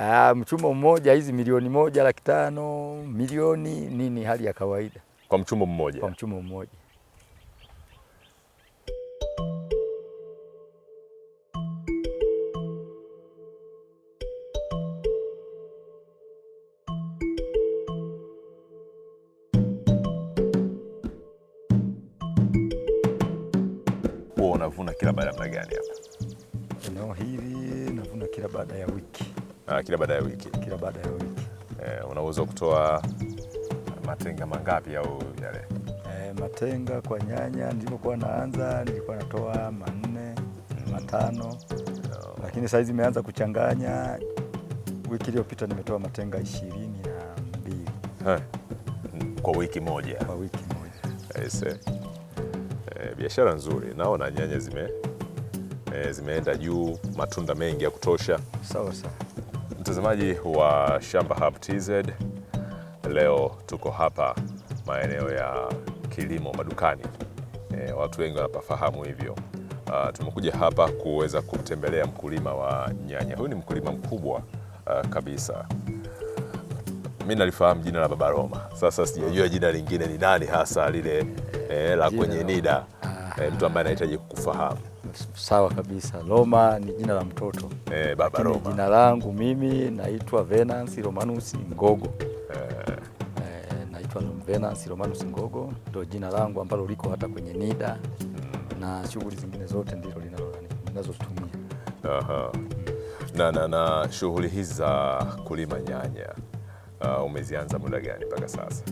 Ah, mchumo mmoja hizi milioni moja laki tano milioni nini, hali ya kawaida kwa mchumo mmoja, kwa mchumo mmoja. kila baada ya wiki, kila baada ya wiki. Eh, unaweza kutoa matenga mangapi au yale? Eh, matenga kwa nyanya nilipokuwa naanza nilikuwa natoa manne mm. matano no. Oh. Lakini saizi imeanza kuchanganya. Wiki iliyopita nimetoa matenga ishirini na mbili kwa wiki moja, kwa wiki moja. Eh, biashara nzuri, naona nyanya zime eh, zimeenda juu, matunda mengi ya kutosha. Sawa sawa. Mtazamaji wa Shamba Hub TZ, leo tuko hapa maeneo ya kilimo madukani. E, watu wengi wanapafahamu hivyo. Uh, tumekuja hapa kuweza kumtembelea mkulima wa nyanya. Huyu ni mkulima mkubwa uh, kabisa. Mi nalifahamu jina la Baba Roma, sasa sijajua jina lingine ni nani hasa lile, eh, la kwenye NIDA, eh, mtu ambaye anahitaji kukufahamu Sawa kabisa. Roma ni jina la mtoto eh, baba Roma. Jina langu mimi naitwa Venance Romanus Ngogo eh. Eh, naitwa Venance Romanus Ngogo ndio jina langu ambalo liko hata kwenye NIDA hmm. na shughuli zingine zote ndilo linazotumia Aha. Na, na, na shughuli hizi za kulima nyanya uh, umezianza muda gani mpaka sasa?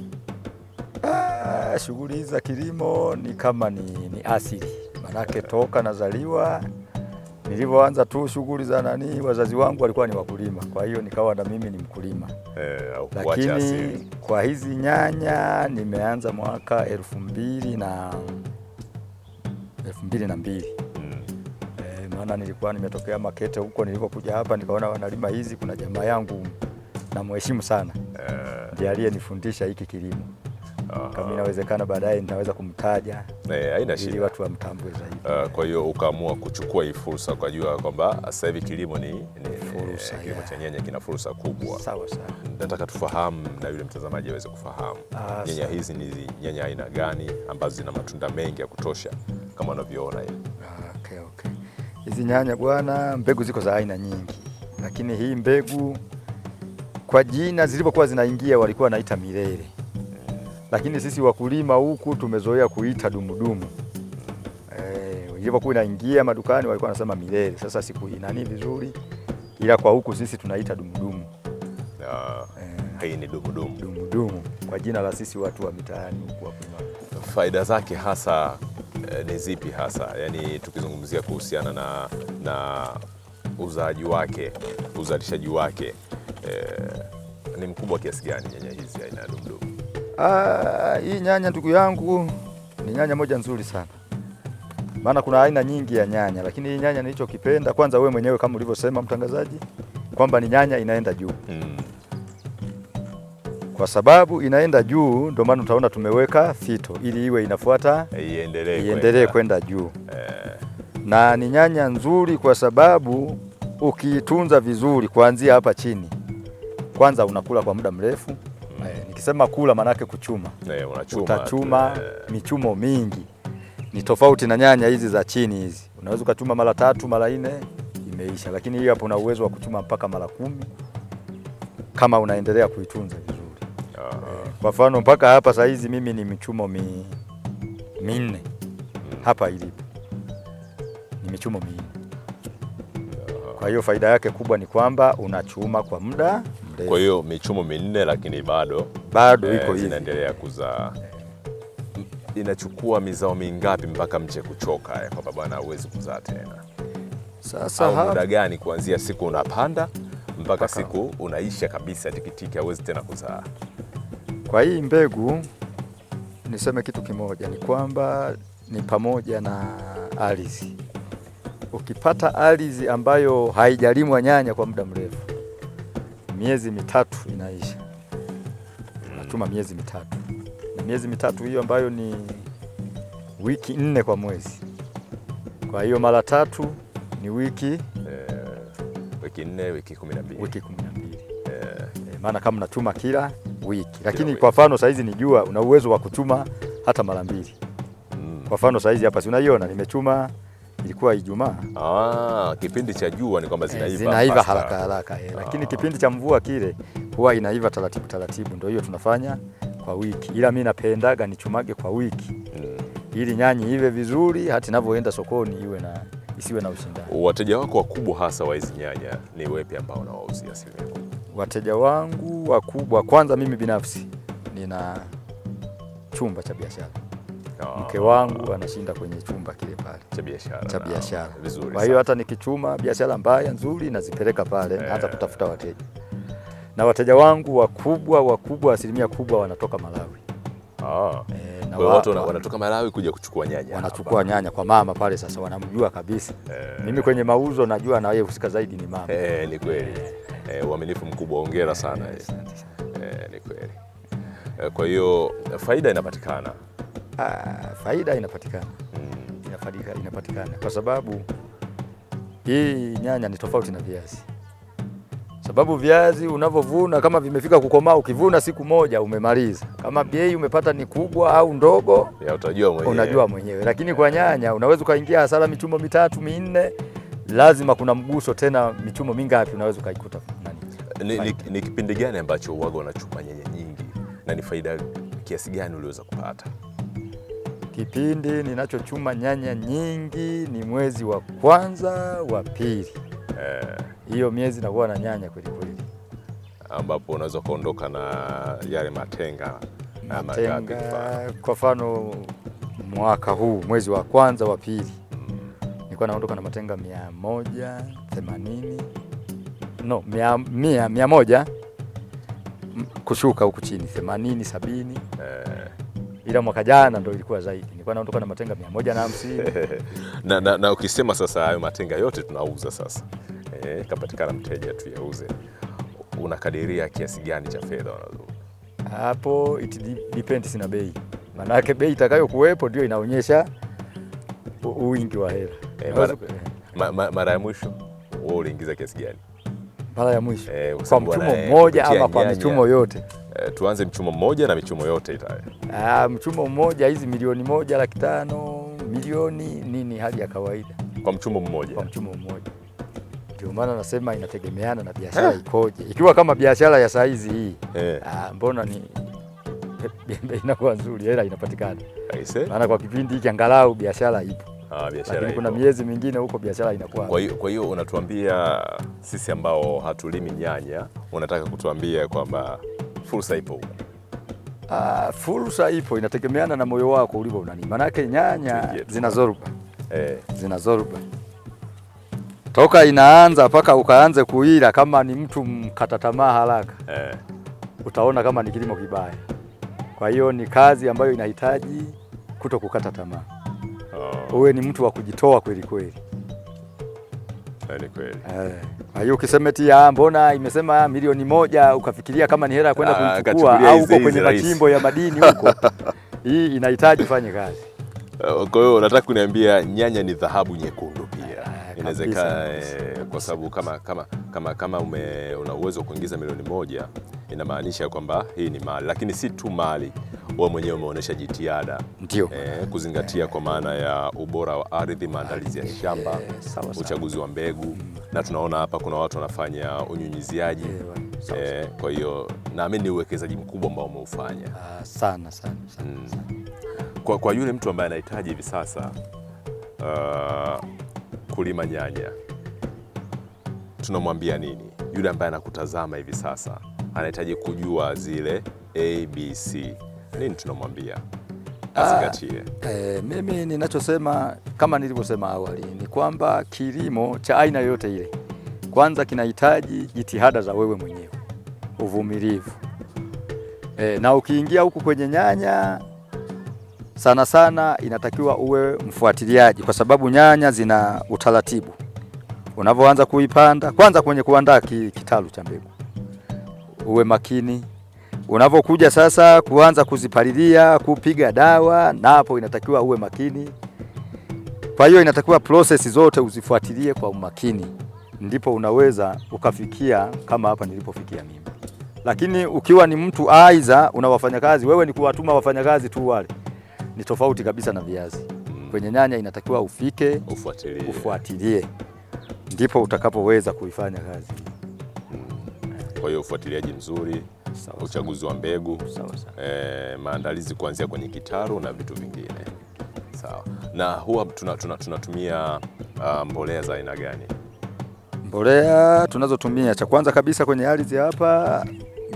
Ah, shughuli hizi za kilimo ni kama ni, ni asili manake toka nazaliwa nilivyoanza tu shughuli za nani, wazazi wangu walikuwa ni wakulima, kwa hiyo nikawa na mimi ni mkulima e, lakini kwa hizi nyanya nimeanza mwaka elfu mbili na elfu mbili na mbili mm. E, maana nilikuwa nimetokea Makete huko, nilivyokuja hapa nikaona wanalima hizi. Kuna jamaa yangu namheshimu sana e, ndiye aliyenifundisha hiki kilimo kama inawezekana baadaye nitaweza nitaja eh, haina shida ili watu wamtambue zaidi. Uh, kwa hiyo ukaamua kuchukua hii fursa ukajua kwamba sasa hivi kilimo ni, ni fursa, kilimo cha nyanya kina fursa kubwa. Sawa sawa. Nataka tufahamu na yule mtazamaji aweze kufahamu ah, nyanya hizi ni nyanya aina gani ambazo zina matunda mengi ya kutosha kama unavyoona hivi. Ah, okay, okay. Hizi nyanya bwana, mbegu ziko za aina nyingi, lakini hii mbegu kwa jina zilivyokuwa zinaingia walikuwa wanaita milele lakini sisi wakulima huku tumezoea kuita dumudumu eh, ilivyokuwa inaingia madukani walikuwa wanasema milele. Sasa siku nani vizuri, ila kwa huku sisi tunaita dumudumu eh, hii ni dumudumu. Dumudumu kwa jina la sisi watu wa mitaani huku wakulima. Faida zake hasa eh, ni zipi hasa, yani tukizungumzia kuhusiana na, na uzaaji wake uzalishaji wake eh, ni mkubwa kiasi gani nyanya Ah, hii nyanya ndugu yangu ni nyanya moja nzuri sana, maana kuna aina nyingi ya nyanya, lakini hii nyanya nilichokipenda kwanza, wewe mwenyewe kama ulivyosema mtangazaji, kwamba ni nyanya inaenda juu mm. Kwa sababu inaenda juu, ndio maana utaona tumeweka fito ili iwe inafuata iendelee kwenda juu eh. Na ni nyanya nzuri kwa sababu ukiitunza vizuri kuanzia hapa chini, kwanza unakula kwa muda mrefu Nikisema kula maanake kuchuma. Ne, eh, unachuma, utachuma ne. Eh. michumo mingi ni tofauti na nyanya hizi za chini hizi, unaweza ukachuma mara tatu mara nne imeisha, lakini hii hapo una uwezo wa kuchuma mpaka mara kumi kama unaendelea kuitunza vizuri. Ah. Kwa mfano mpaka hapa saa hizi mimi ni michumo mi... minne hmm. hapa ilipo ni michumo minne. Ah. Kwa hiyo faida yake kubwa ni kwamba unachuma kwa muda mrefu. Kwa hiyo michumo minne, lakini bado bado iko eh, hivi, inaendelea kuzaa. Inachukua mizao mingapi mpaka mche kuchoka eh, kwamba bwana huwezi kuzaa tena? Sasa muda gani kuanzia siku unapanda mpaka siku unaisha kabisa, tikitiki hawezi tena kuzaa? Kwa hii mbegu niseme kitu kimoja, ni kwamba ni pamoja na ardhi. Ukipata ardhi ambayo haijalimwa nyanya kwa muda mrefu miezi mitatu inaisha, natuma miezi mitatu, na miezi mitatu hiyo ambayo ni wiki nne kwa mwezi. Kwa hiyo mara tatu ni wiki eh, wiki nne, wiki kumi na mbili, wiki kumi na mbili eh. Eh, maana kama natuma kila wiki lakini kila kwa mfano saizi nijua una uwezo wa kutuma hata mara mbili mm. Kwa mfano saizi hapa si unaiona nimechuma ilikuwa Ijumaa. Ah, kipindi cha jua ni kwamba zinaiva, zinaiva haraka haraka, eh, lakini ah, kipindi cha mvua kile huwa inaiva taratibu taratibu, ndio hiyo tunafanya kwa wiki, ila mi napendaga nichumage kwa wiki hmm, ili nyanya iwe vizuri, hata inavyoenda sokoni iwe na isiwe na ushindani. Wateja wako wakubwa hasa wa hizi nyanya ni wepi ambao unawauzia asilimia Wateja wangu wakubwa, kwanza mimi binafsi nina chumba cha biashara oh, mke wangu anashinda kwenye chumba kile pale cha biashara cha biashara. Kwa hiyo hata nikichuma biashara mbaya nzuri nazipeleka pale yeah, hata kutafuta wateja na wateja wangu wakubwa wakubwa asilimia kubwa wanatoka Malawi. Ah. E, na watu wanatoka Malawi kuja kuchukua nyanya. Wanachukua nyanya kwa mama pale sasa wanamjua kabisa. E. Mimi kwenye mauzo najua na yeye husika zaidi ni mama. Eh, ni kweli. Eh, eh uaminifu mkubwa, hongera sana. Eh, ni kweli. Kwa hiyo faida inapatikana. Ah, faida inapatikana inafadika, inapatikana kwa sababu hii nyanya ni tofauti na viazi, sababu viazi unavyovuna kama vimefika kukomaa, ukivuna siku moja umemaliza. Kama bei umepata ni kubwa au ndogo ya, utajua mwenyewe. Unajua mwenyewe, lakini kwa nyanya unaweza ukaingia hasara michumo mitatu minne, lazima kuna mguso tena, michumo mingapi unaweza ukaikuta. Ni, ni, ni kipindi gani ambacho uwaga wanachuma nyanya nyingi na ni faida kiasi gani uliweza kupata? Kipindi ninachochuma nyanya nyingi ni mwezi wa kwanza wa pili, eh. hiyo miezi nakuwa na nyanya kweli kweli, ambapo unaweza kuondoka na yale matenga na matenga. Kwa mfano mwaka huu mwezi wa kwanza wa pili mm. nilikuwa naondoka na matenga mia moja themanini no mia, mia, mia moja kushuka huku chini themanini sabini eh ila mwaka jana ndo ilikuwa zaidi, nilikuwa naondoka na matenga mia moja na hamsini na, na, na ukisema sasa hayo matenga yote tunauza sasa, eh, kapatikana mteja tuyauze, unakadiria kiasi gani cha fedha wanazua hapo? It depends na bei, maanake bei itakayokuwepo ndio inaonyesha wingi wa hela. eh, mara, ma, ma, mara ya mwisho wewe uliingiza kiasi gani? Mara ya mwisho eh, kwa mchumo mmoja ama kwa michumo yote? Eh, tuanze mchumo mmoja na michumo yote itaye. Ah, mchumo mmoja hizi milioni moja laki tano milioni nini, hali ya kawaida kwa mchumo mmoja, kwa mchumo mmoja. Ndio maana nasema inategemeana na biashara eh. ikoje. Ikiwa kama biashara ya saizi hii eh. ah, mbona ni inakuwa nzuri, hela inapatikana. Maana kwa kipindi hiki angalau biashara ipo. Ah, kuna miezi mingine huko biashara inakuwa. Kwa hiyo kwa hiyo unatuambia sisi ambao hatulimi nyanya, unataka kutuambia kwamba fursa ipo? Uh, fursa ipo, inategemeana na moyo wako ulivyo nani. Maanake nyanya zinazoruba eh, zina zoruba toka inaanza mpaka ukaanze kuila, kama ni mtu mkata tamaa haraka eh, utaona kama ni kilimo kibaya. Kwa hiyo ni kazi ambayo inahitaji kuto kukata tamaa, oh. uwe ni mtu wa kujitoa kweli kweli kweli kweli. Eh, kwa hiyo ukisema eti ah, mbona imesema milioni moja ukafikiria kama ni hela ya kwenda ah, kuchukua au uko kwenye machimbo ya madini huko, hii inahitaji fanye kazi. Eh, kwa hiyo nataka kuniambia nyanya ni dhahabu nyekundu pia eh, inawezekana, kwa sababu kama, kama, kama, kama ume, una uwezo wa kuingiza milioni moja inamaanisha kwamba hii ni mali, lakini si tu mali wewe mwenyewe umeonyesha jitihada eh, kuzingatia kwa maana ya ubora wa ardhi, maandalizi ya shamba, uchaguzi wa mbegu, mm. na tunaona hapa kuna watu wanafanya unyunyiziaji eh, kwa hiyo naamini ni uwekezaji mkubwa ambao umeufanya ah, sana sana sana, mm. sana. Kwa, kwa yule mtu ambaye anahitaji hivi sasa uh, kulima nyanya tunamwambia nini yule ambaye anakutazama hivi sasa anahitaji kujua zile ABC nini tunamwambia ah, azingatie? Eh, mimi ninachosema kama nilivyosema awali ni kwamba kilimo cha aina yoyote ile, kwanza kinahitaji jitihada za wewe mwenyewe, uvumilivu e, na ukiingia huku kwenye nyanya sana sana inatakiwa uwe mfuatiliaji, kwa sababu nyanya zina utaratibu. Unavyoanza kuipanda kwanza, kwenye kuandaa kitalu cha mbegu uwe makini Unavyokuja sasa kuanza kuzipalilia, kupiga dawa, na hapo inatakiwa uwe makini. Kwa hiyo inatakiwa process zote uzifuatilie kwa umakini, ndipo unaweza ukafikia kama hapa nilipofikia mimi. Lakini ukiwa ni mtu aiza una wafanyakazi, wewe ni kuwatuma wafanyakazi tu wale, ni tofauti kabisa na viazi. Mm. Kwenye nyanya inatakiwa ufike, ufuatilie, ufuatilie ndipo utakapoweza kuifanya kazi. Mm. Kwa hiyo ufuatiliaji mzuri sawa, uchaguzi wa mbegu sawa, sawa. E, maandalizi kuanzia kwenye kitaru na vitu vingine sawa. Na huwa tunatumia tuna, tuna uh, mbolea za aina gani? Mbolea tunazotumia cha kwanza kabisa kwenye ardhi hapa,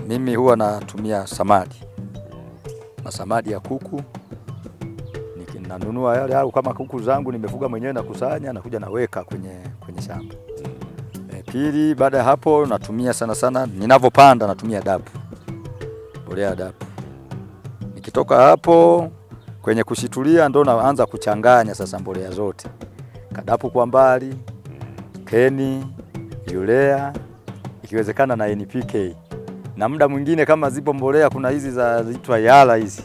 mimi huwa natumia samadi na samadi ya kuku nanunua yale au kama kuku zangu nimefuga mwenyewe na kusanya nakuja naweka kwenye, kwenye shamba. E, pili baada ya hapo natumia sana sana ninavyopanda natumia dapu nitakolea adapu. Nikitoka hapo kwenye kushitulia, ndo naanza kuchanganya sasa mbolea zote, kadapu kwa mbali, keni, yulea, ikiwezekana na NPK, na muda mwingine kama zipo mbolea, kuna hizi za zitwa yala, hizi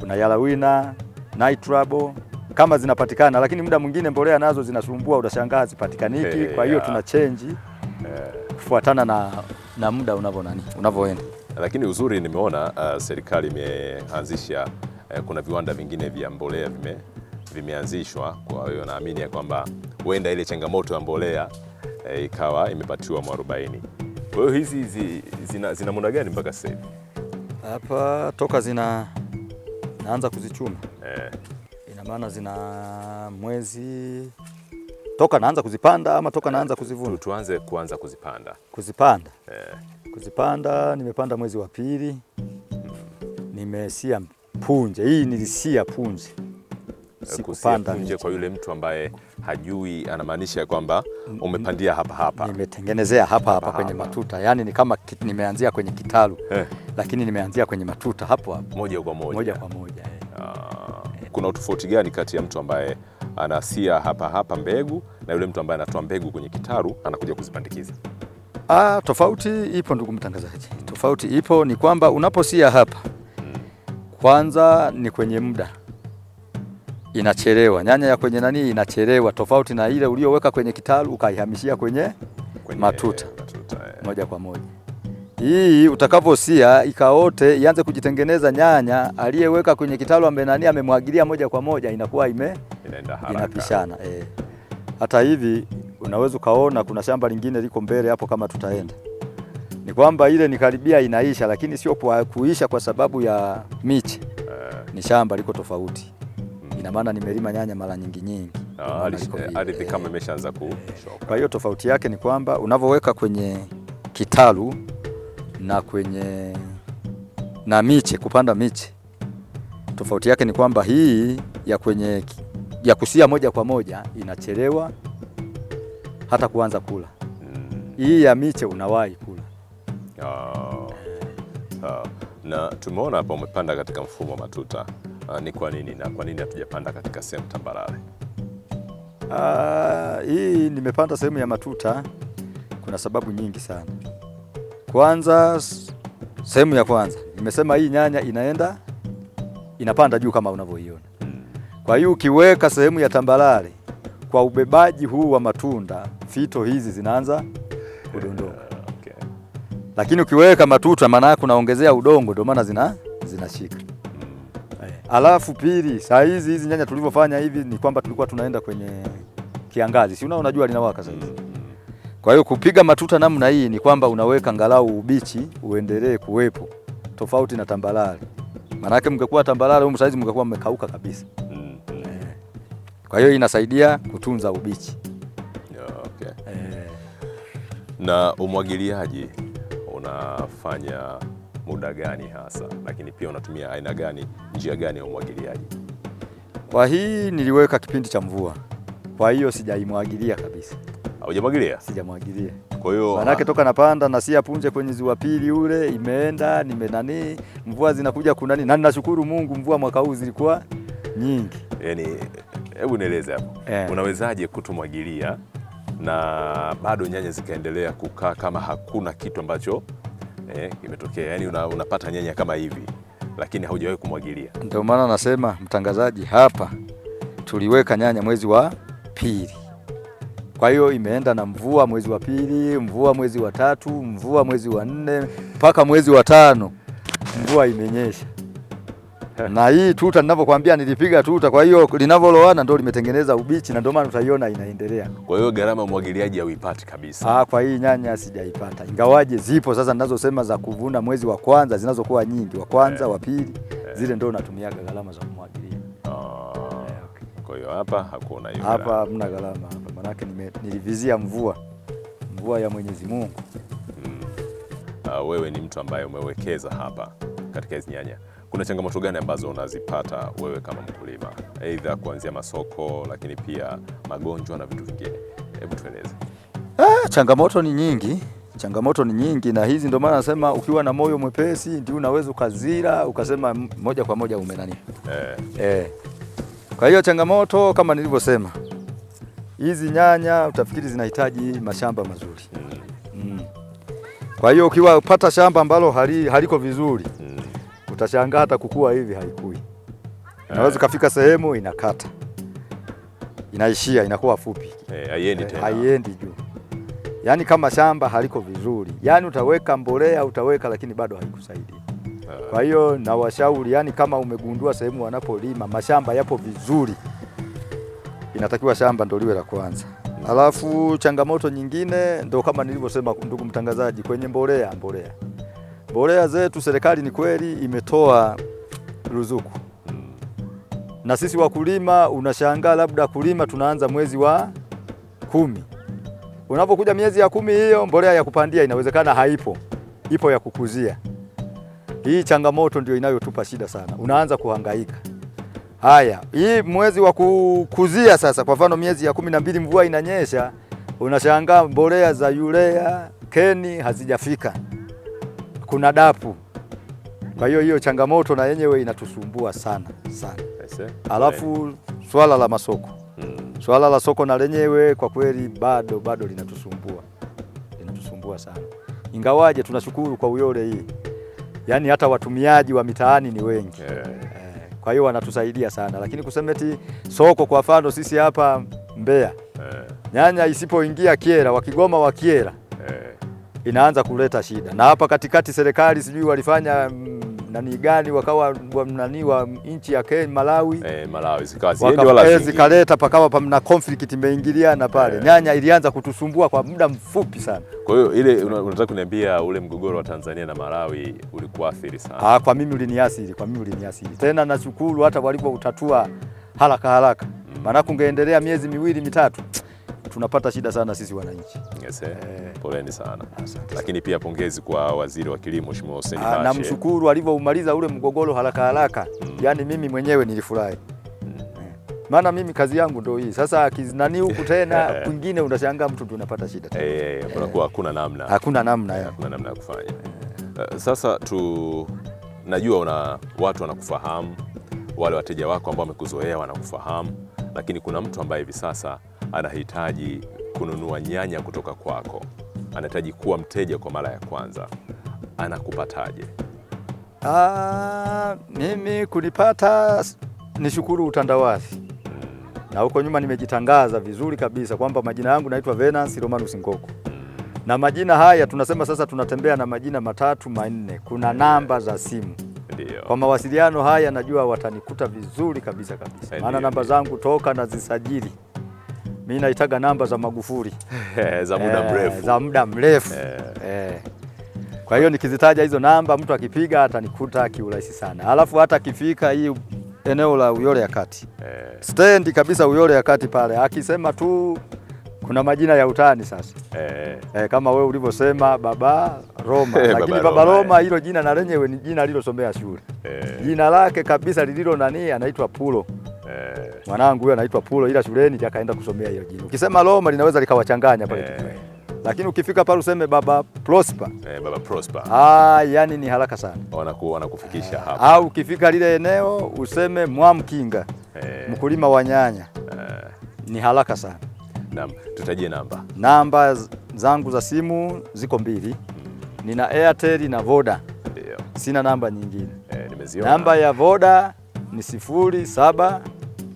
kuna yala wina nitrabo kama zinapatikana, lakini muda mwingine mbolea nazo zinasumbua, utashangaa zipatikaniki Hey, kwa hiyo yeah. tuna change yeah. kufuatana na, na muda unavyo nani unavyoenda. Lakini uzuri nimeona uh, serikali imeanzisha uh, kuna viwanda vingine vya mbolea vime, vimeanzishwa. Kwa hiyo naamini ya kwamba huenda ile changamoto ya mbolea uh, ikawa imepatiwa mwarobaini. Kwa hiyo hizi zi, zina, zina muda gani mpaka sasa hivi hapa toka zina naanza kuzichuma eh? Ina maana zina mwezi toka naanza kuzipanda ama toka naanza kuzivuna? Tuanze kuanza kuzipanda, kuzipanda eh kuzipanda. Nimepanda mwezi wa pili, nimesia punje. Hii nilisia punje, sikupanda punje. Kwa yule mtu ambaye hajui, anamaanisha kwamba mm-hmm. umepandia hapa hapa, nimetengenezea hapa hapa kwenye matuta, yani ni kama nimeanzia kwenye kitalu eh, lakini nimeanzia kwenye matuta hapo hapo moja kwa moja, moja kwa moja eh. Ah. Kuna utofauti gani kati ya mtu ambaye anasia hapa hapa mbegu na yule mtu ambaye anatoa mbegu kwenye kitaru anakuja kuzipandikiza? Ah, tofauti ipo ndugu mtangazaji, tofauti ipo ni kwamba unaposia hapa, kwanza ni kwenye muda inachelewa, nyanya ya kwenye nani inachelewa, tofauti na ile ulioweka kwenye kitalu ukaihamishia kwenye, kwenye matuta, matuta yeah. moja kwa moja hii utakaposia ikaote ianze kujitengeneza nyanya, aliyeweka kwenye kitalu ambaye nani amemwagilia moja kwa moja, inakuwa ime inapishana e. Hata hivi unaweza ukaona kuna shamba lingine liko mbele hapo, kama tutaenda ni kwamba ile ni karibia inaisha, lakini sio kwa kuisha kwa sababu ya miche, eh. ni shamba liko tofauti. Ina maana nimelima nyanya mara nyingi nyingi, ah, eh, ardhi kama imeshaanza eh. kushoka. Kwa hiyo tofauti yake ni kwamba unavyoweka kwenye kitalu na kwenye na miche kupanda miche, tofauti yake ni kwamba hii ya kwenye ya kusia moja kwa moja inachelewa hata kuanza kula mm. Hii ya miche unawahi kula oh. Oh. Na tumeona hapa umepanda katika mfumo wa matuta uh, ni kwa nini na kwa nini hatujapanda katika sehemu tambarare? Uh, hii nimepanda sehemu ya matuta, kuna sababu nyingi sana. Kwanza, sehemu ya kwanza nimesema hii nyanya inaenda inapanda juu kama unavyoiona. Hmm. Kwa hiyo ukiweka sehemu ya tambarare kwa ubebaji huu wa matunda fito hizi zinaanza kudondoka. Okay. Lakini ukiweka matuta, maana yake unaongezea udongo, ndio maana zina zinashika. Mm. Alafu pili, saa hizi hizi nyanya tulivyofanya hivi ni kwamba tulikuwa tunaenda kwenye kiangazi, si unao unajua linawaka saa hizi. Mm. Kwa hiyo kupiga matuta namna hii ni kwamba unaweka ngalau ubichi uendelee kuwepo, tofauti na tambalale. Maana yake mngekuwa tambalale huko saa hizi mngekuwa mmekauka kabisa. Kwa hiyo inasaidia kutunza ubichi. Okay. E. Na umwagiliaji unafanya muda gani hasa, lakini pia unatumia aina gani, njia gani ya umwagiliaji? Kwa hii niliweka kipindi cha mvua, kwa hiyo sijaimwagilia kabisa. Hujamwagilia? Sijamwagilia. Kwa hiyo manake toka napanda na sia apunje kwenye ziwa pili ule imeenda nimenani, mvua zinakuja kunani, na ninashukuru Mungu mvua mwaka huu zilikuwa nyingi yani hebu nieleze hapo yeah. Unawezaje kutumwagilia na bado nyanya zikaendelea kukaa kama hakuna kitu ambacho eh, kimetokea? Yaani una, unapata nyanya kama hivi lakini haujawahi kumwagilia. Ndio maana nasema mtangazaji, hapa tuliweka nyanya mwezi wa pili, kwa hiyo imeenda na mvua mwezi wa pili, mvua mwezi wa tatu, mvua mwezi wa nne, mpaka mwezi wa tano mvua imenyesha. na hii tuta ninavyokuambia nilipiga tuta, kwa hiyo linavyoloana ndio limetengeneza ubichi na ndio maana utaiona inaendelea. Kwa hiyo gharama ya mwagiliaji hauipati kabisa. Ah, kwa hii nyanya sijaipata, ingawaje zipo sasa ninazosema za kuvuna mwezi wa kwanza zinazokuwa nyingi, wa kwanza yeah. wa pili yeah. zile ndio natumia gharama za kumwagilia. Oh. Yeah, eh, okay. Kwa hiyo hapa hakuna hiyo. Hapa hamna gharama hapa, manake nilivizia mvua, mvua ya Mwenyezi Mungu. Hmm. Uh, wewe ni mtu ambaye umewekeza hapa katika hizi nyanya kuna changamoto gani ambazo unazipata wewe kama mkulima, aidha kuanzia masoko, lakini pia magonjwa na vitu vingine? Hebu tueleze. Ah, changamoto ni nyingi, changamoto ni nyingi, na hizi ndio maana nasema ukiwa na moyo mwepesi ndio unaweza ukazira ukasema moja kwa moja umenani eh. Eh. Kwa hiyo changamoto kama nilivyosema, hizi nyanya utafikiri zinahitaji mashamba mazuri mm. Mm. Kwa hiyo ukiwa pata shamba ambalo hali, haliko vizuri mm utashangaa hata kukua hivi haikui, inaweza kafika sehemu inakata, inaishia, inakuwa fupi, eh, haiendi tena, haiendi juu. Yaani kama shamba haliko vizuri, yaani utaweka mbolea utaweka, lakini bado haikusaidii. Eh. Kwa hiyo na washauri, yaani kama umegundua sehemu wanapolima mashamba yapo vizuri, inatakiwa shamba ndo liwe la kwanza. Alafu changamoto nyingine ndo kama nilivyosema, ndugu mtangazaji, kwenye mbolea mbolea mbolea zetu, serikali ni kweli imetoa ruzuku na sisi wakulima, unashangaa labda kulima tunaanza mwezi wa kumi, unapokuja miezi ya kumi hiyo mbolea ya kupandia inawezekana haipo, ipo ya kukuzia. Hii changamoto ndio inayotupa shida sana, unaanza kuhangaika. Haya, hii mwezi wa kukuzia sasa, kwa mfano miezi ya kumi na mbili mvua inanyesha, unashangaa mbolea za urea keni hazijafika kuna dapu. Kwa hiyo hiyo changamoto na yenyewe inatusumbua sana sana. Alafu eh. swala la masoko hmm. swala la soko na lenyewe kwa kweli bado bado linatusumbua linatusumbua sana, ingawaje tunashukuru kwa Uyole hii, yaani hata watumiaji wa mitaani ni wengi yeah. Eh, kwa hiyo wanatusaidia sana, lakini kusemeti soko kwa mfano sisi hapa Mbeya yeah. nyanya isipoingia kiera wakigoma wa kiera yeah inaanza kuleta shida. Na hapa katikati serikali sijui walifanya mm, nani gani, wakawa nani wa nchi ya Kenya Malawi, eh, Malawi yaani eh, zikaleta pakawa pamna conflict imeingiliana pale eh. Nyanya ilianza kutusumbua kwa muda mfupi sana. Kwa hiyo ile unataka kuniambia ule mgogoro wa Tanzania na Malawi ulikuathiri sana? Ah, kwa mimi uliniathiri, kwa mimi uliniathiri tena. Nashukuru hata utatua haraka haraka, mm. maana kungeendelea miezi miwili mitatu tunapata shida sana sisi wananchi. Yes, eh. eh. Poleni sana asante. Lakini pia pongezi kwa waziri wa kilimo Mheshimiwa Hussein ah, Bashe. Namshukuru alivyoumaliza ule mgogoro haraka haraka mm. Yaani mimi mwenyewe nilifurahi mm. eh. maana mimi kazi yangu ndio hii sasa, kizinani huku tena kwingine unashangaa mtu tunapata shida tena. Hey, hey, hey. Hakuna namna, hakuna namna ya eh, ya kufanya yeah. Uh, sasa tu najua una watu wanakufahamu, wale wateja wako ambao wamekuzoea wanakufahamu, lakini kuna mtu ambaye hivi sasa anahitaji kununua nyanya kutoka kwako, anahitaji kuwa mteja kwa mara ya kwanza, anakupataje? Ah, mimi kunipata ni shukuru utandawazi na huko nyuma nimejitangaza vizuri kabisa kwamba majina yangu naitwa Venance Romanus Ngoko, na majina haya tunasema sasa tunatembea na majina matatu manne, kuna eh, namba za simu Ndiyo. Kwa mawasiliano haya najua watanikuta vizuri kabisa kabisa, eh, maana namba zangu toka nazisajili mimi naitaga namba za Magufuli eh, za muda eh, mrefu, za muda mrefu. Eh. Kwa hiyo nikizitaja hizo namba mtu akipiga atanikuta kiurahisi sana, alafu hata akifika hii eneo la Uyole ya kati stendi kabisa, Uyole ya kati pale, akisema tu kuna majina ya utani sasa eh, eh, kama wewe ulivyosema baba Roma eh, lakini baba Roma hilo eh, jina na lenyewe ni jina alilosomea shule eh, jina lake kabisa lililo nani, anaitwa Pulo mwanangu huyo anaitwa Pulo, ila shuleni akaenda kusomea hiyo jina. Ukisema Roma linaweza likawachanganya pale eh, lakini ukifika pale useme baba Prosper. Eh, baba Prosper. Ah, yani ni haraka sana wanaku, wanakufikisha ah. hapa. Au ukifika lile eneo useme Mwamkinga eh, mkulima wa nyanya eh, ni haraka sana. Naam, tutajie namba. Namba zangu za simu ziko mbili, hmm. nina Airtel na Voda. Ndio. Sina namba nyingine eh, nimeziona. Namba ya Voda ni sifuri saba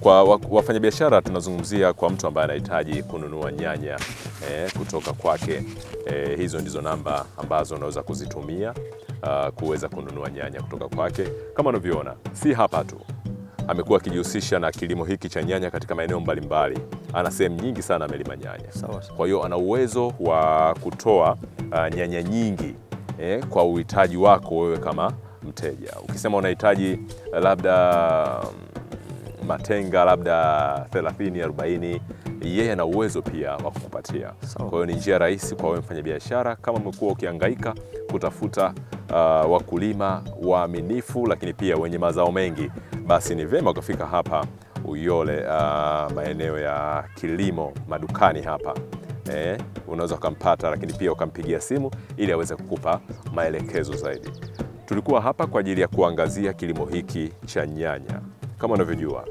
Kwa wafanyabiashara tunazungumzia kwa mtu ambaye anahitaji kununua nyanya eh, kutoka kwake eh, hizo ndizo namba ambazo unaweza kuzitumia uh, kuweza kununua nyanya kutoka kwake. Kama unavyoona, si hapa tu, amekuwa akijihusisha na kilimo hiki cha nyanya katika maeneo mbalimbali. Ana sehemu nyingi sana amelima nyanya, kwa hiyo ana uwezo wa kutoa uh, nyanya nyingi eh, kwa uhitaji wako wewe kama mteja. Ukisema unahitaji labda um, matenga labda 30 40, yeye ana uwezo pia wa kukupatia. Kwa hiyo ni njia rahisi kwa wewe mfanyabiashara, kama umekuwa ukihangaika kutafuta uh, wakulima waaminifu, lakini pia wenye mazao mengi, basi ni vema ukafika hapa Uyole, uh, maeneo ya kilimo madukani hapa eh, unaweza ukampata, lakini pia ukampigia simu ili aweze kukupa maelekezo zaidi. Tulikuwa hapa kwa ajili ya kuangazia kilimo hiki cha nyanya. Kama unavyojua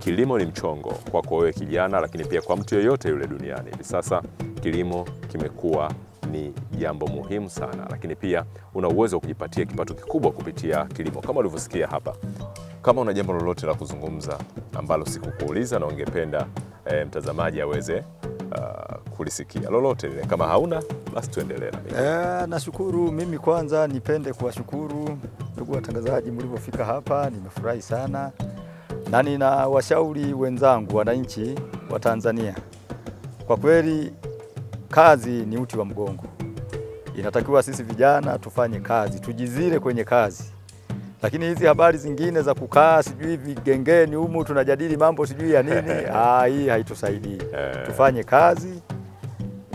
kilimo ni mchongo kwako wewe kijana, lakini pia kwa mtu yeyote yule duniani. Hivi sasa kilimo kimekuwa ni jambo muhimu sana, lakini pia una uwezo wa kujipatia kipato kikubwa kupitia kilimo kama ulivyosikia hapa. Kama una jambo lolote la kuzungumza ambalo sikukuuliza na ungependa e, mtazamaji aweze uh, kulisikia lolote lile, kama hauna basi tuendelee. E, nashukuru. Mimi kwanza nipende kuwashukuru ndugu watangazaji mlivyofika hapa, nimefurahi sana na nina washauri wenzangu wananchi wa Tanzania, kwa kweli kazi ni uti wa mgongo. Inatakiwa sisi vijana tufanye kazi, tujizile kwenye kazi, lakini hizi habari zingine za kukaa sijui vigengeni humu tunajadili mambo sijui ya nini ah, hii haitusaidii. Eh. Tufanye kazi,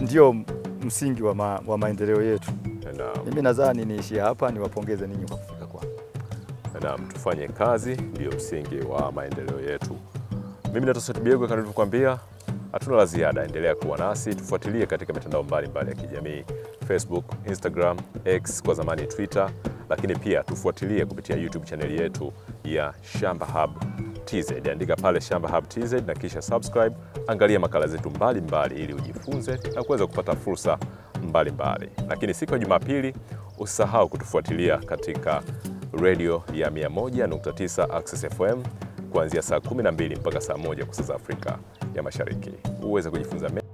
ndio msingi wa, ma, wa maendeleo yetu. Mimi nadhani niishie hapa, niwapongeze ninyi binadamu. Tufanye kazi, ndiyo msingi wa maendeleo yetu. Mimi Natosoti Biegwe, kama nilivyokuambia, hatuna la ziada. Endelea kuwa nasi, tufuatilie katika mitandao mbalimbali ya kijamii, Facebook, Instagram, X kwa zamani Twitter, lakini pia tufuatilie kupitia YouTube chaneli yetu ya Shamba Hub TZ. Andika pale Shamba Hub TZ na kisha subscribe, angalia makala zetu mbalimbali ili ujifunze na kuweza kupata fursa mbalimbali mbali. Lakini siku ya Jumapili usisahau kutufuatilia katika redio ya 101.9 Access FM kuanzia saa 12 mpaka saa 1 kwa saa za Afrika ya Mashariki uweze kujifunza